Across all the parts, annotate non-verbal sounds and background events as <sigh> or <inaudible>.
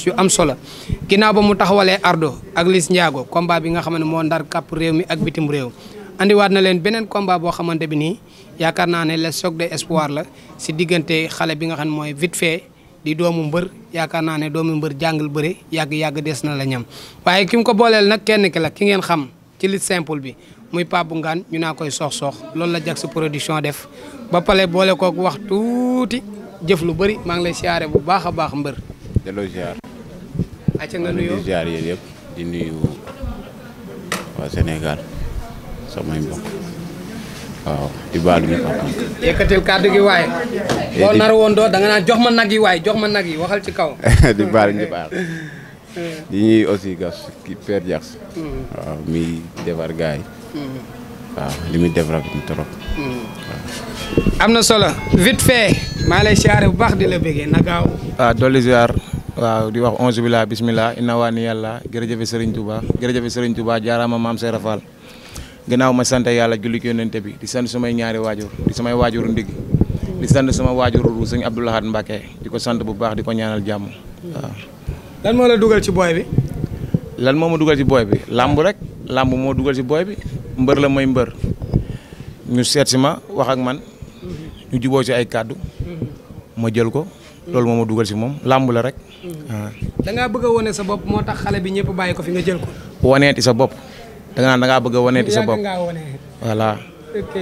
yu am solo ginnaaw ba mu taxawalee Ardo ak lis Ndiago combat bi nga xam ne moo ndar kàpp réew mi ak bitim réew andiwaat na leen beneen combat boo xamante bi nii yaakaar naa ne le choc de espoir la si diggante xale bi nga xam ne mooy vite fait di doomu mbër yaakaar naa ne doomu mbër jàngal bëre yàgg-yàgg des na la ñam waaye kim ko booleel nag kenn ki la ki ngeen xam ci lutte simple bi muy Pape ngaan ñu naa koy sox-sox loolu la jag sa production def ba pale boole kook wax tuuti jëf lu bëri maa ngi lay siyaare bu baax a baax mbër delloo maa ngi di ziar yéen yëpp di nuyu waa Sénégal samay mbokk waaw di baalu ñu xam. yëkkatil gi waaye. Eh, boo nar woon doo da naan jox ma nag yi waaye jox ma nag yi waxal ci kaw. <laughs> di baalu ñu di ñuy aussi gas kii Père Diax. Mm-hmm. waaw mi defar gars yi. Mm-hmm. muy def rafet na trop. Mm-hmm. am na solo vite fait maa lay siyaare bu baax di la bëggee na gaaw. waaw ah, dolli waaw di wax onze billah bismillah inna waa ni yàlla jërëjëfe sëriñ Touba jërëjëfe sëriñ Touba jaaraama maam Seera Fall gannaaw ma sant yàlla julli ci yonente bi di sant sumay ñaari waajur di samay waajur ndig di sant sama waajuru sëñ Abdou Lahad Mbacké di ko sant bu baax di ko ñaanal jàmm waaw lan moo la dugal ci booy bi lan moo ma dugal ci booy bi làmb rek làmb moo dugal ci booy bi mbër la may mbër ñu seet si ma wax ak man mhm. ñu juboo si ay kàddu mhm. ma jël ko loolu moo ma dugal si moom làmb la rek. da ngaa bëgg a wane sa bopp moo tax xale bi ñëpp bàyyi ko fi nga jël ko. waneeti sa bopp da nga naan da bëgg a waneeti sa bopp voilà. ok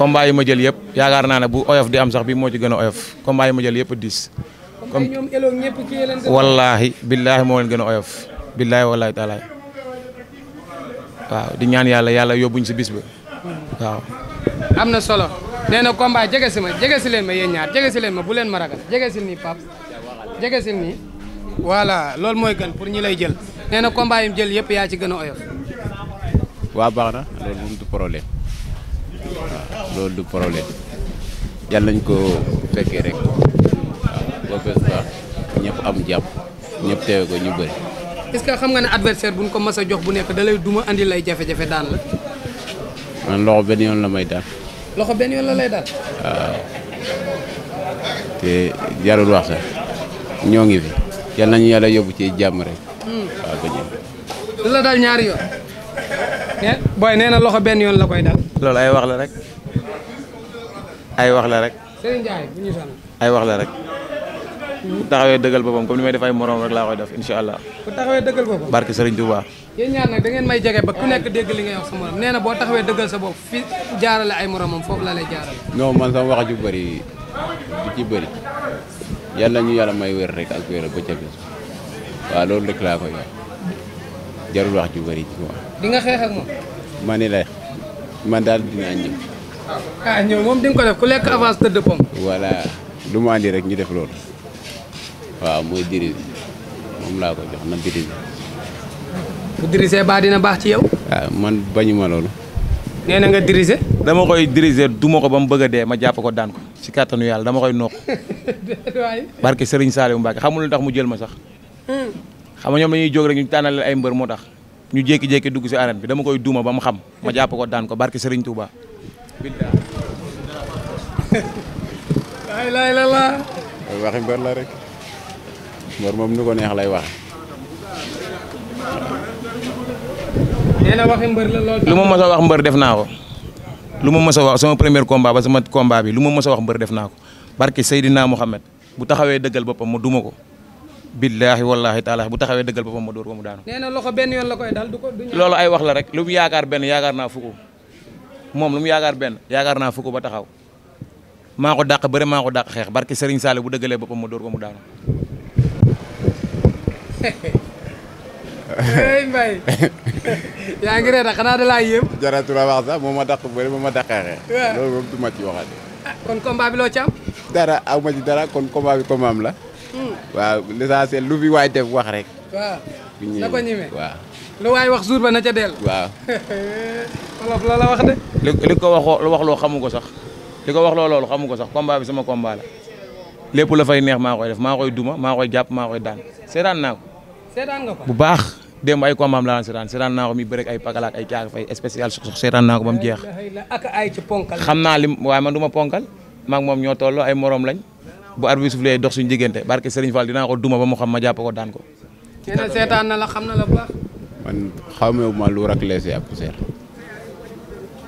combat jël yëpp yaakaar naa ne bu oyof di am sax bi moo ci gën oyof combat yi jël yëpp diis. comme ñoom elo ñëpp kii wallaahi billaahi moo leen gën a oyof billaahi wallaahi taalaay waaw di ñaan yàlla yàlla yóbbuñ si bis hmm. waaw. am na solo. neena na jege si ma jege si leen ma yéen ñaar jege si leen ma bu leen ma ragal jege si nii Pape jege si nii voilà loolu mooy gën pour ñi lay jël nee na combat yi jël yëpp yaa ci gën a oyof. waa baax na loolu moom du problème waaw loolu du problème yàlla nañ ko fekkee rek waaw boobu baax ñëpp am jàpp ñëpp teewe ko ñu bëri. est que xam nga ne adversaire bu ñu ko mës a jox bu nekk da lay duma andi lay jafe-jafe daan la. man loxo benn yoon la may daan. loxo benn yoon la lay daal. waaw te jarul wax sax ñoo ngi fi yal nañu yàlla yóbbu ci jàmm rek. Hmm. waaw ba ñëw. la daal ñaari yoon. Eh, booy nee na loxo benn yoon la koy daal. loolu ay wax la rek ay wax rek. ay wax la rek. bu taxawee dëggal boppam comme ni may def ay morom rek laa koy def incha allah. bu taxawee dëggal boppam. barke Serigne Touba. yéen ñaar da ngeen may jege ba ku nekk dégg li ngay wax sa morom nee na boo taxawee dëggal sa bopp fi jaarale ay moromam foofu la lay jaarale. non man sama wax ju bëri du ci bëri yàlla ñu yàlla may wér rek ak wér ba ca bis waaw loolu rek laa koy wax jarul wax ju bari ci wax. di moom. ma ne la man daal dinaa ñëw. ah ñëw moom di ko def ku lekk avance tëdd pom. voilà lu ma rek ñu def loolu. waaw mooy diri moom laa ko jox na diri bi. bu dirisee baa dina baax ci yow. waaw ah, man bañu ma loolu. nee na nga dirisé. dama koy dirisé du ma ko ba mu bëgg a dee ma jàpp ko daan ko si kàttanu yàlla dama koy noq. <laughs> waay barke Serigne Saliou Mbacke xamul lu tax mu jël ma sax. Hmm. xam nga ñoom dañuy jóg rek ñu tànnal ay mbër moo tax. ñu jékki-jékki dugg si arène bi dama koy duuma ba mu xam ma jàpp ko daan ko barke Serigne Touba. billaay. <laughs> laay laay la la. waxi mbër la rek. mbër moom nu ko neex lay waxe lu ma mës a wax mbër def naa ko lu ma mës wax sama premier combat ba sama combat bi lu ma mës a wax mbër def naa ko barke Seydina Mohamed bu taxawee dëggal boppam ma duma ko. billaahi wallaahi taalaahi bu taxawee dëggal boppam ma dóor ko mu daanu. nee na benn yoon la koy wax la rek lu yaakaar benn yaakaar naa fukk moom lu mu yaakaar benn yaakaar naa fukk ba taxaw maa ko dàq bëre maa ko dàq xeex barke sëriñ Sall bu dëggalee boppam ma dóor ko mu daanu. hey Mbaye <laughs> yaa ngi xanaa da laa yéem. jaratu la wax sax moo ma dàq bëri moo ma dàqeexee. waaw loolu moom du ma ci ah, kon combat loo ci dara aw ma ci dara kon combat bi la. Hmm. waaw l'essentiel lu fi waay def wax rek. waaw na ko ñemee waaw. lu ba na ca del waaw. <laughs> wolof la wax de. li loo xamu ko sax li ko wax loo loolu xamu ko sax combat sama combat la lépp la fay neex maa koy def maa koy duma maa koy jàpp maa koy daan seetaan naa seetaan nga ko bu baax démb ay combat am la daan seetaan seetaan naa ko mi bëreeg ay pakalaak ay caag fay spécial sox sox seetaan naa ko ba mu jeex xam naa lim waaye man du ma ponkal maag moom ñoo tolloo ay moroom lañ bu arbitre suuf lay dox suñu diggante barke Serigne Fall dinaa ko duma ba mu xam ma jàpp ko daan ko xam na la man xamewu ma lu rak leesee ak poussière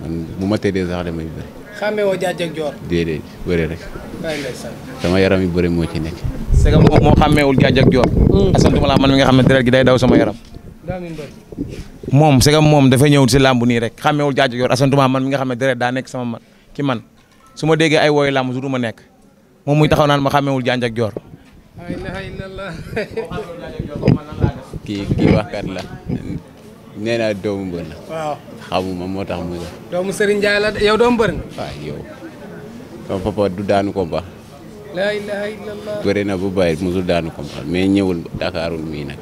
man bu ma tëddee sax damay bëri xamee woo jaaj rek sama yaram yi bëri moo ci nekk c'est que moom moo xàmmeewul jaaj ak joor mm. asantuma laa man mi nga xam ne deret gi day daw sama yaram moom c'est moom dafa ñëw si làmb nii rek xàmmeewul jaaj ak joor asantuma man mi nga xam ne deret daa nekk sama man ci man su ma déggee ay wooyu làmb su du ma nekk moom muy taxaw naan ma xàmmeewul jaaj ak joor kii kii waxkat la nee naa doomu mbër la. xamuma moo tax mu. doomu Serigne Ndiaye la yow doomu mbër nga. waaw yow. sama papa du daanu ko ba. la ilaha illallah. bëri na bu bàyyi musul daanu comprendre mais ñëwul dakaaru mii nag.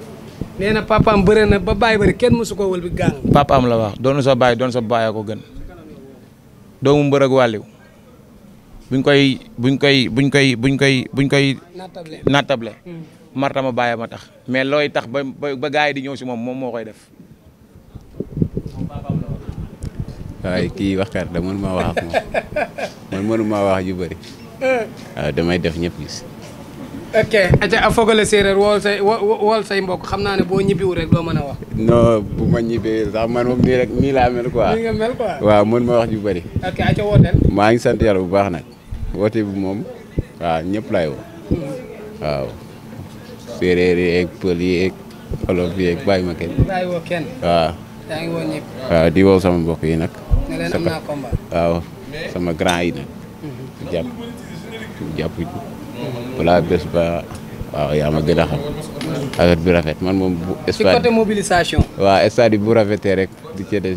nee na papaam bëri na ba bàyyi bari kenn musu ko wël bi gàng. papaam la wax doonu sa bàyyi doon sa bàyyi ko gën doomu mbër ak buñ koy buñ koy buñ koy buñ koy buñ koy. nattable hmm. marta ma bàyyi ma tax mais looy tax ba ba yi di ñëw si moom moom moo koy def. waaye kii wax da mënu maa wax ak moom man mënu wax ju bari waaw euh, damay def ñëpp gis. ok aca foogale séeréer wool wool say mbokk xam naa ne boo ñibbiwu rek doo mën a wax. non bu ma ñibbee sax man moom nii rek nii mel quoi. waaw mën ma wax ju maa ngi sant yàlla bu baax nag woote bu moom waaw ñëpp laay woo. Mm-hmm. waaw séeréer yi ak pël yi ak olof yi ak bàyyi ma kenn. waaw. di woo sama mbokk yi nag. ne leen waaw sama grand yi nag. Mm-hmm. jàpp. jàpp balaa bés ba bi rafet man moom. bu stade waaw stade bu rafetee rek di cee des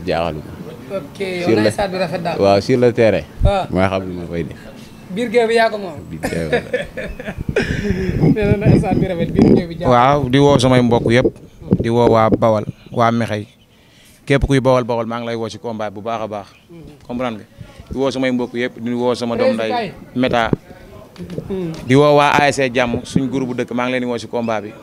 waaw sur le terrain. waaw ah. maa xam lu ma fay def. <laughs> waaw di woo samay mbokk yëpp. di woo waa Bawal waa maa ngi lay woo ci baax a baax. Mm-hmm. comprendre di woo samay mbokk yëpp di woo doom nday Meta. di woo waa ASC jàmm suñ groupe dëkk maa ngi leen di woo si kombaa bi.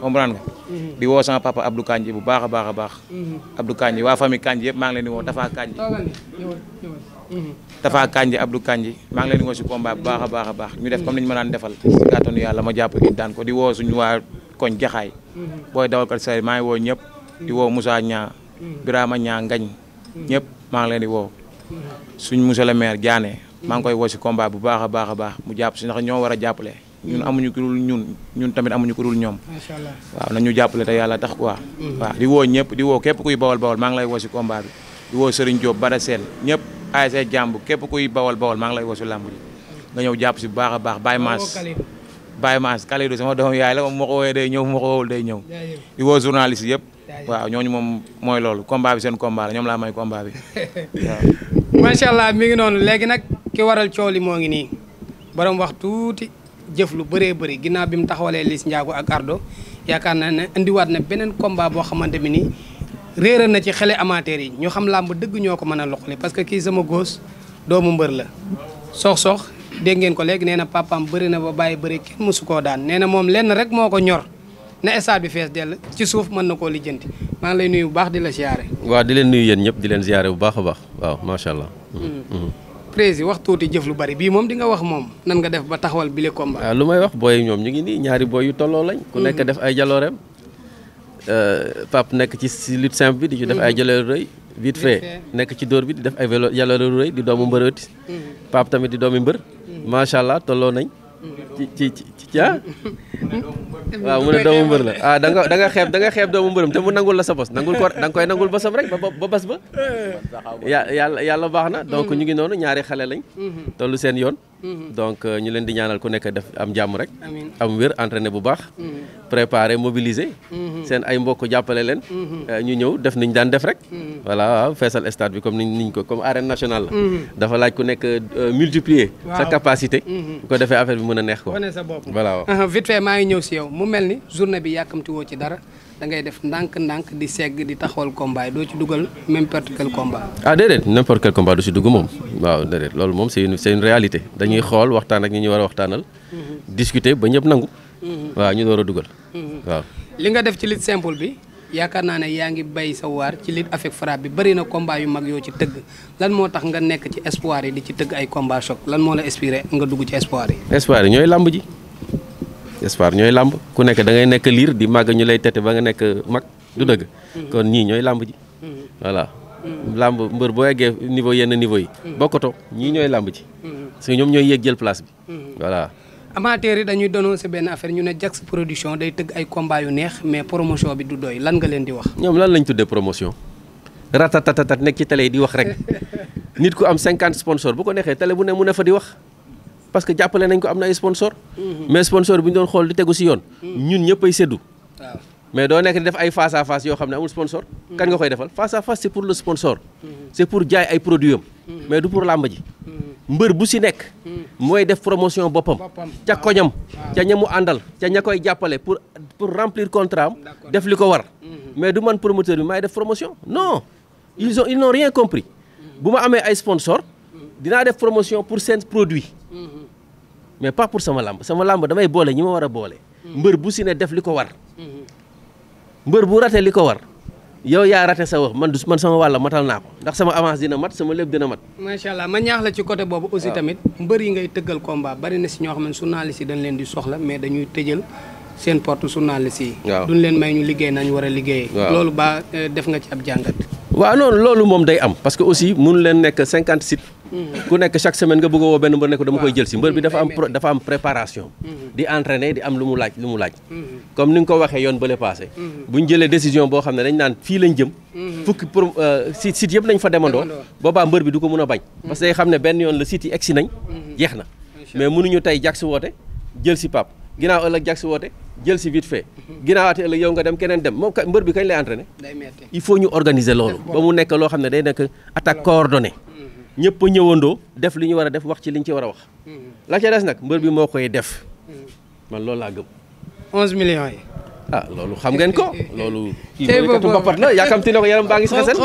comprendre nga. Mm-hmm. di woo sama papa Abdou Kandji bu baax a baax a baax. Mm-hmm. Abdou Kandji waa famille Kandji yëpp maa ngi leen di woo Tafa Kandji. Mm-hmm. Tafa Kandji Abdou Kandji maa si combat bu baax a baax a baax ñu def comme ni defal. si kàttanu ma jàpp it daan di woo suñu waa koñ jaxaay. booy dawalkat maa ngi woo ñëpp. di woo Moussa Niang. Birama maa ngi leen di woo. suñ monsieur le maire Diané. maa ngi koy woo si combat bu baax a baax a baax mu jàpp si ndax ñoo war a jàppale ñun amuñu ku dul ñun ñun tamit amuñu ku ñoom waaw nañu jàppale te yàlla tax quoi mm-hmm. waaw di woo ñëpp di woo képp kuy bawal bawal maa ngi lay woo si combat bi di woo Serigne Diop Bada Sène ñëpp ASC jàmb képp kuy bawal bawal maa ngi lay woo si làmb ji nga ñëw jàpp si bu baax a baax baay Mass Baye Mass Kalidou sama doom yaay la moom ma ko woowee day ñëw ma ko day ñëw di woo journaliste yëpp waaw ñooñu moom mooy loolu combat seen combat la ñoom laa may combat bi <laughs> allah mi ngi noonu léegi nag ki waral coow li moo ngi nii boroom wax tuuti jëf lu bëree bëri ginnaaw bi mu taxawalee Liss Ndiago ak Ardo yaakaar naa ne indiwaat na beneen combat boo xamante ne nii réeral na ci xele amateur yi ñu xam làmb dëgg ñoo ko mën a loqale parce que kii sama góos doomu mbër la. sox sox dégg ngeen ko léegi nee na papaam bëri na ba bàyyi bëri kenn mësu koo daan nee na moom lenn rek moo ko ñor na stade bi fees dell ci suuf mën na koo lijjanti maa ngi lay nuyu bu baax di la ziare. waaw di leen nuyu yéen ñëpp di leen ziare bu baax a baax waaw macha président wax tuuti jëf lu bari bii moom di nga wax moom nan nga def ba taxawal bile combat. Ah, lu may wax booy ñoom ñu ngi nii ñaari booy yu tolloo lañ. ku nekk mhm. def ay jaloorem. Euh, Pape nekk ci si lutte simple bi di ci def ay mhm. jaloore rëy. vite fait nekk ci dóor bi di def ay vélo jaloore rëy di doomu mbërëti. Mhm. Pape tamit di doomi mbër. macha allah tolloo nañ. ci ci ah? <laughs> waaw mu ne doomu mbër la ah da nga da nga xeeb nga xeeb doomu mbërëm te mu nangul la sa bos nangul ko danga nga koy nangul bosam rek ba ba bas ba. Eh. yàlla yàlla baax na donc ñu ngi noonu ñaari xale lañ. Mm-hmm. tollu seen yoon. Mm-hmm. donc euh, ñu leen di ñaanal ku nekk def am jàmm rek. am wér entraîné bu baax. Mm-hmm. préparer mobiliser. Mm-hmm. seen ay mbokk jàppale leen. Euh, ñu ñëw def niñ daan def rek. voilà waaw feesal stade bi comme niñ niñ ko comme arène nationale la. dafa laaj ku nekk euh, multiplier. sa capacité. bu ko defee affaire bi mën a neex ko. voilà waaw. <laughs> vite fait maa ñëw si yow mu mel ni journée bi yàkkamti woo ci dara. da ngay def ndànk-ndànk di segg di taxawal combat doo ci dugal même n'importe quel combat. ah déedéet n'importe quel combat du ci dugg moom waaw déedéet loolu moom c'est une réalité dañuy xool waxtaan ak ñi ñu war a waxtaanal. Mhm. discuter ba ñëpp nangu. Mhm. waaw ñu door a dugal. Mhm. waaw li nga def ci lutte simple bi. yaakaar naa ne yaa ngi bay sa waar ci lutte avec frappe bi bëri na combat yu mag yoo ci tëgg lan moo tax nga nekk ci espoir yi di ci tëgg ay combat choc lan moo la inspiré nga dugg ci espoir yi. espoir yi ñooy làmb ji. espoir ñooy làmb ku nekk da ngay nekk liir di màgg ñu lay tete ba nga nekk mag du dëgg kon ñii ñooy làmb ji voilà làmb mbër boo eggee niveau yenn niveau yi bokkoto ñii ñooy làmb ji parce ñoom ñooy yéeg jël place bi voilà amateur yi dañuy donoon si benn affaire ñu ne Jax production day tëgg ay combat yu neex mais promotion bi du doy lan nga leen di wax ñoom lan lañ tuddee promotion ratatatatat nekk ci télé yi di wax rek <laughs> nit ku am cinquante sponsor bu ko neexee télé bu ne mu ne fa di wax parce que jàppale nañ ko am na ay sponsor mhm. mais sponsor bi ñu doon xool di tegu si yoon. Mhm. ñun ñëpp ay mais doo nekk di def ay face à yoo xam ne amul sponsor. Mhm. kan nga koy defal face à face pour le sponsor. c' pour jaay ay produit am. mais du pour làmb ji. mbër bu si nekk mooy def promotion boppam ca koñam ca ñamu àndal ca ña koy jàppale pour remplir contrat am def li ko war mais du man promoteur bi maay def promotion non ils ont ils n'ont rien mais pas pour sama làmb sama làmb damay boole ñi ma war a boole. mbër bu si ne def li ko war. mbër bu rate li ko war. yow yaa rate sa wax man du man sama wàlla matal naa ko ndax sama avance dina mat sama lépp dina mat. macha allah ma ñaax la ci côté boobu. aussi tamit mbër yi ngay tëggal combat bari na si ñoo xam ne journaliste si dañ leen di soxla mais dañuy tëjal seen porte journaliste yi. waaw duñ leen may ñu liggéey nañu war a liggéeyee. loolu ba euh, def nga ci ab jàngat. waaw noonu loolu moom day am parce que aussi mun leen nekk cinquante sites. Mm. ku nekk chaque semaine nga bëgg woo benn mbër nekk dama koy jël si mbër bi dafa am mm. dafa am préparation. Mm. di entraîner di am lu mu laaj lu mu laaj. comme ni nga ko waxee yoon bële paase. bu ñu jëlee décision boo xam ne dañ naan fii lañ jëm. fukki pro site euh, site yëpp nañ fa demandoo. boobaa mbër bi du ko mun a bañ. parce xam ne benn yoon la site yi egg si nañ. jeex na mais mënuñu tey jag si woote jël si pap ginnaaw ëllëg jag woote. jël si vite fait mhm. ginaawaate ëllëg yow nga dem keneen dem moom mbër bi kañ lay entraîné il faut ñu organiser loolu ba mu nekk loo xam ne day nekk attaque coordonnée mhm. ñëpp a ñëwandoo def li ñu war a def wax ci li ñu ci war a wax mhm. la ca des nag mbër bi moo koy def man loolu laa gëm 11 millions yi ah loolu xam ngeen ko loolu. kii bëreekatu mbapat la yàkkamti na ko yaram baa ngi si xasal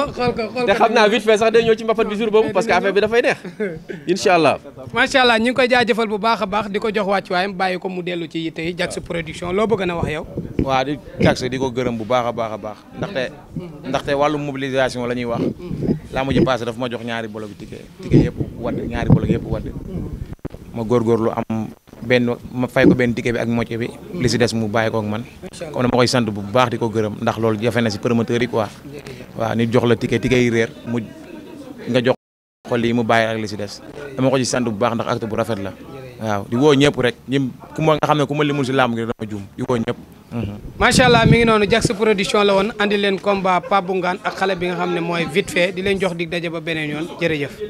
te xam naa vite fait sax day ñëw ci mbapat bi jour boobu parce que affaire bi dafay neex <laughs> incha allah. macha allah ñu ngi koy jaajëfal bu baax a baax di ko jox wàccuwaayam bàyyi ko mu dellu ci yitte yi Jax production loo bëgg na wax yow. waaw di Jax di ko gërëm bu baax a baax a baax ndaxte ndaxte wàllu mobilisation la ñuy wax laa ma ji passé dafa ma jox ñaari bolo bi ti yëpp wadd ñaari bolok yëpp wadd ma góorgóorlu benn ma fay ko benn ticket bi ak moitié bi li si des mu bàyyi ko man comme dama koy sant bu baax di ko gërëm ndax loolu jafe na si promoteur yi quoi waaw jox la ticket ticket yi réer mu nga jox ko lii mu bàyyi ak li si des dama ko sant bu baax ndax acte bu rafet la waaw di woo ñëpp rek ñim ku nga xam ne ku ma si làmb gi dama juum di woo ñëpp mhm. macha allah mi ngi noonu Jax production la woon andi leen combat Pape Boungane ak xale bi nga xam ne mooy di leen jox dig daje ba